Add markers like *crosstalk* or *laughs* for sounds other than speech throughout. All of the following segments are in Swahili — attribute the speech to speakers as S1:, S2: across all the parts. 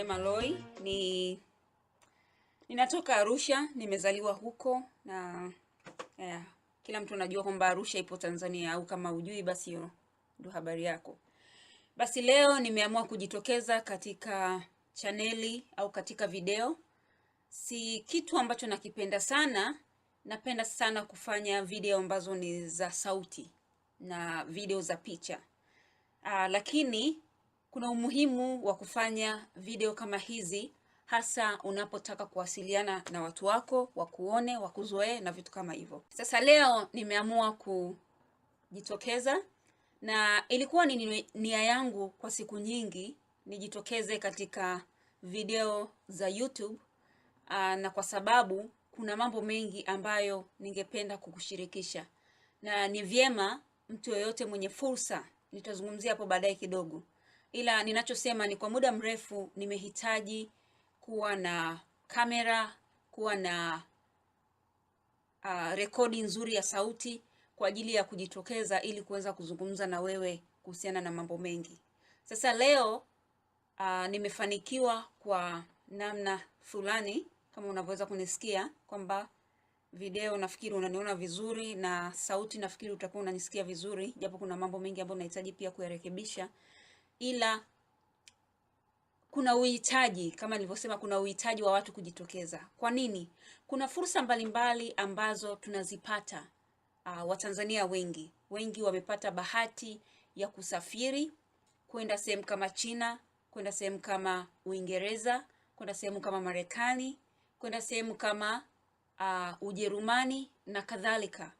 S1: Neema Loi ni ninatoka Arusha, nimezaliwa huko na yeah, kila mtu anajua kwamba Arusha ipo Tanzania au kama ujui basi ndio habari yako. Basi leo nimeamua kujitokeza katika chaneli au katika video. Si kitu ambacho nakipenda sana, napenda sana kufanya video ambazo ni za sauti na video za picha. Aa, ah, lakini kuna umuhimu wa kufanya video kama hizi hasa unapotaka kuwasiliana na watu wako wakuone, wakuzoee na vitu kama hivyo. Sasa leo nimeamua kujitokeza na ilikuwa ni nia yangu kwa siku nyingi nijitokeze katika video za YouTube aa, ah, na kwa sababu kuna mambo mengi ambayo ningependa kukushirikisha na ni vyema mtu yoyote mwenye fursa, nitazungumzia hapo baadaye kidogo, ila ninachosema ni kwa muda mrefu nimehitaji kuwa na kamera, kuwa na uh, rekodi nzuri ya sauti kwa ajili ya kujitokeza ili kuweza kuzungumza na wewe kuhusiana na mambo mengi. Sasa leo uh, nimefanikiwa kwa namna fulani, kama unavyoweza kunisikia kwamba video nafikiri unaniona vizuri na sauti nafikiri utakuwa unanisikia vizuri, japo kuna mambo mengi ambayo nahitaji pia kuyarekebisha ila kuna uhitaji kama nilivyosema, kuna uhitaji wa watu kujitokeza. Kwa nini? Kuna fursa mbalimbali mbali ambazo tunazipata. Uh, Watanzania wengi wengi wamepata bahati ya kusafiri kwenda sehemu kama China, kwenda sehemu kama Uingereza, kwenda sehemu kama Marekani, kwenda sehemu kama uh, Ujerumani na kadhalika,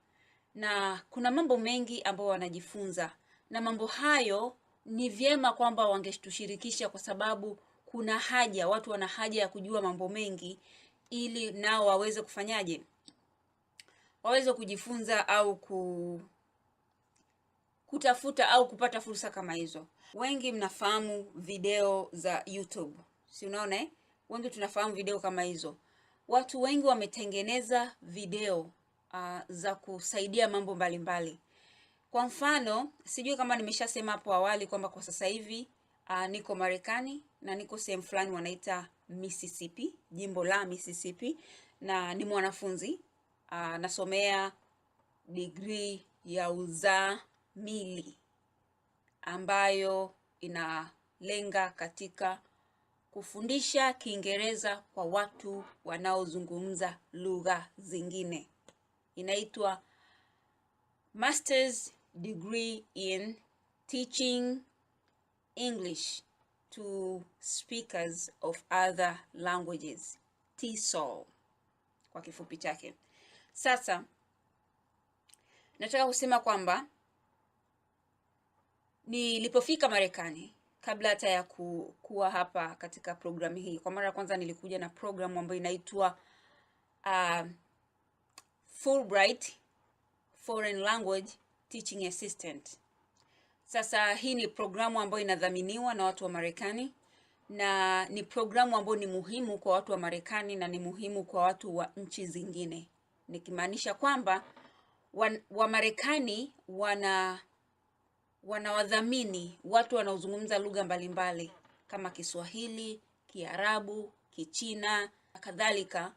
S1: na kuna mambo mengi ambayo wanajifunza na mambo hayo ni vyema kwamba wangetushirikisha kwa sababu kuna haja, watu wana haja ya kujua mambo mengi, ili nao waweze kufanyaje, waweze kujifunza au ku kutafuta au kupata fursa kama hizo. Wengi mnafahamu video za YouTube, si unaona eh? Wengi tunafahamu video kama hizo. Watu wengi wametengeneza video uh, za kusaidia mambo mbalimbali mbali. Kwa mfano, sijui kama nimeshasema hapo awali kwamba kwa sasa hivi uh, niko Marekani na niko sehemu fulani wanaita Mississippi, jimbo la Mississippi, na ni mwanafunzi uh, nasomea degree ya uzamili ambayo inalenga katika kufundisha Kiingereza kwa watu wanaozungumza lugha zingine. Inaitwa Masters degree in teaching English to speakers of other languages TESOL kwa kifupi chake. Sasa nataka kusema kwamba nilipofika Marekani kabla hata ya ku, kuwa hapa katika programu hii, kwa mara ya kwanza nilikuja na programu ambayo inaitwa uh, Fulbright Foreign Language teaching assistant. Sasa hii ni programu ambayo inadhaminiwa na watu wa Marekani na ni programu ambayo ni muhimu kwa watu wa Marekani na ni muhimu kwa watu wa nchi zingine, nikimaanisha kwamba Wamarekani wa wana wanawadhamini watu wanaozungumza lugha mbalimbali kama Kiswahili, Kiarabu, Kichina na kadhalika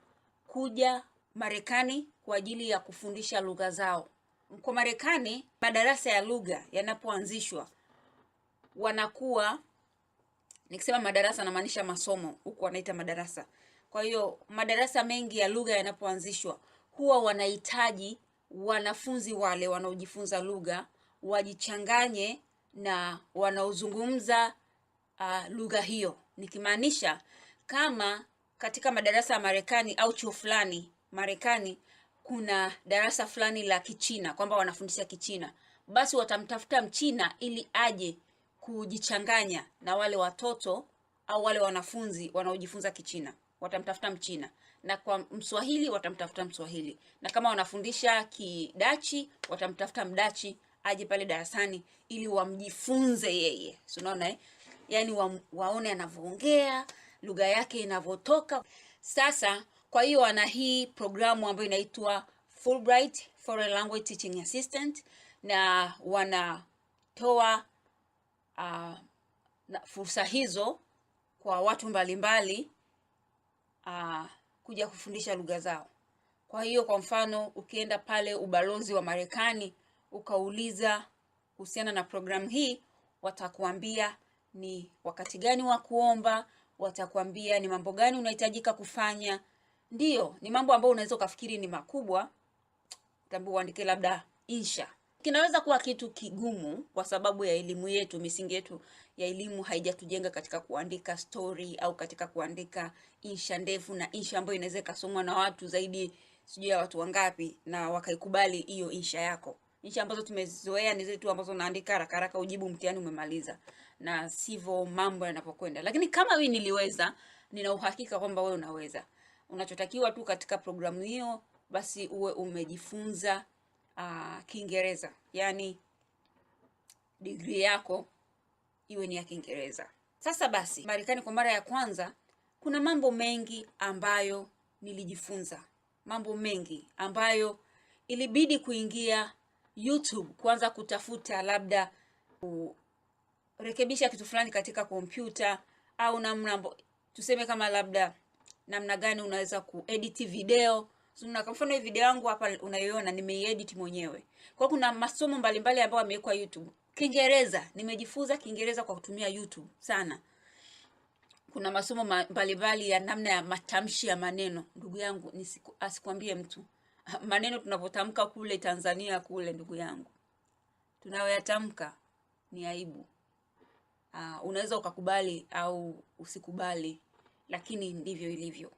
S1: kuja Marekani kwa ajili ya kufundisha lugha zao. Kwa Marekani madarasa ya lugha yanapoanzishwa wanakuwa nikisema madarasa namaanisha masomo, huku wanaita madarasa. Kwa hiyo madarasa mengi ya lugha yanapoanzishwa huwa wanahitaji wanafunzi wale wanaojifunza lugha wajichanganye na wanaozungumza uh, lugha hiyo, nikimaanisha kama katika madarasa ya Marekani au chuo fulani Marekani kuna darasa fulani la Kichina kwamba wanafundisha Kichina, basi watamtafuta Mchina ili aje kujichanganya na wale watoto au wale wanafunzi wanaojifunza Kichina. Watamtafuta Mchina na kwa Mswahili watamtafuta Mswahili, na kama wanafundisha Kidachi watamtafuta Mdachi aje pale darasani ili wamjifunze yeye, si unaona eh? Yaani wa, waone anavyoongea lugha yake inavyotoka. Sasa kwa hiyo ana hii programu ambayo inaitwa Fulbright Foreign Language Teaching Assistant na wanatoa uh, fursa hizo kwa watu mbalimbali uh, kuja kufundisha lugha zao. Kwa hiyo kwa mfano, ukienda pale ubalozi wa Marekani ukauliza kuhusiana na programu hii, watakuambia ni wakati gani wa kuomba, watakuambia ni mambo gani unahitajika kufanya ndio ni mambo ambayo unaweza ukafikiri ni makubwa, tambua uandike labda insha. Kinaweza kuwa kitu kigumu kwa sababu ya elimu yetu, misingi yetu ya elimu haijatujenga katika kuandika story au katika kuandika insha ndefu na insha ambayo inaweza ikasomwa na watu zaidi sijui ya watu wangapi na wakaikubali hiyo insha yako. Insha ambazo tumezoea ni zile tu ambazo unaandika haraka haraka, ujibu mtihani umemaliza, na sivyo mambo yanapokwenda. Lakini kama wewe niliweza, nina uhakika kwamba wewe unaweza. Unachotakiwa tu katika programu hiyo basi uwe umejifunza uh, Kiingereza, yaani degree yako iwe ni ya Kiingereza. Sasa basi, Marekani kwa mara ya kwanza, kuna mambo mengi ambayo nilijifunza, mambo mengi ambayo ilibidi kuingia YouTube kwanza kutafuta labda kurekebisha kitu fulani katika kompyuta au namna tuseme kama labda namna gani unaweza kuedit video. Kwa mfano hii video yangu hapa unayoiona nimeiedit mwenyewe. Kwa kuna masomo mbalimbali ambayo yamewekwa YouTube. Kiingereza, nimejifunza Kiingereza kwa kutumia YouTube sana. Kuna masomo mbalimbali ya namna ya matamshi ya maneno. Ndugu yangu, nisiku, asikwambie mtu. *laughs* Maneno tunavyotamka kule Tanzania kule, ndugu yangu, tunayoyatamka ni aibu. Uh, unaweza ukakubali au usikubali lakini ndivyo ilivyo.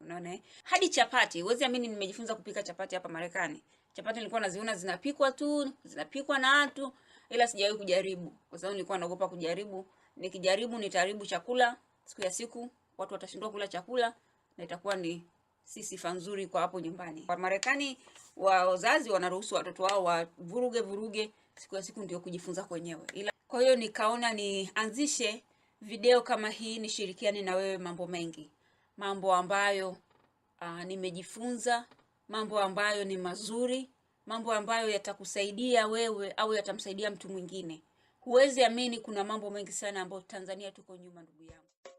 S1: Unaona eh? Hadi chapati, huwezi amini nimejifunza kupika chapati hapa Marekani. Chapati nilikuwa naziona zinapikwa tu, zinapikwa na watu ila sijawahi kujaribu kwa sababu nilikuwa naogopa kujaribu. Nikijaribu nitaharibu chakula siku ya siku, watu watashindwa kula chakula na itakuwa ni si sifa nzuri kwa hapo nyumbani. Kwa Marekani wazazi wanaruhusu watoto wao wavuruge vuruge siku ya siku ndio kujifunza kwenyewe. Ila kwa hiyo nikaona nianzishe video kama hii ni shirikiani na wewe mambo mengi, mambo ambayo uh, nimejifunza, mambo ambayo ni mazuri, mambo ambayo yatakusaidia wewe au yatamsaidia mtu mwingine. Huwezi amini, kuna mambo mengi sana ambayo Tanzania tuko nyuma, ndugu yangu.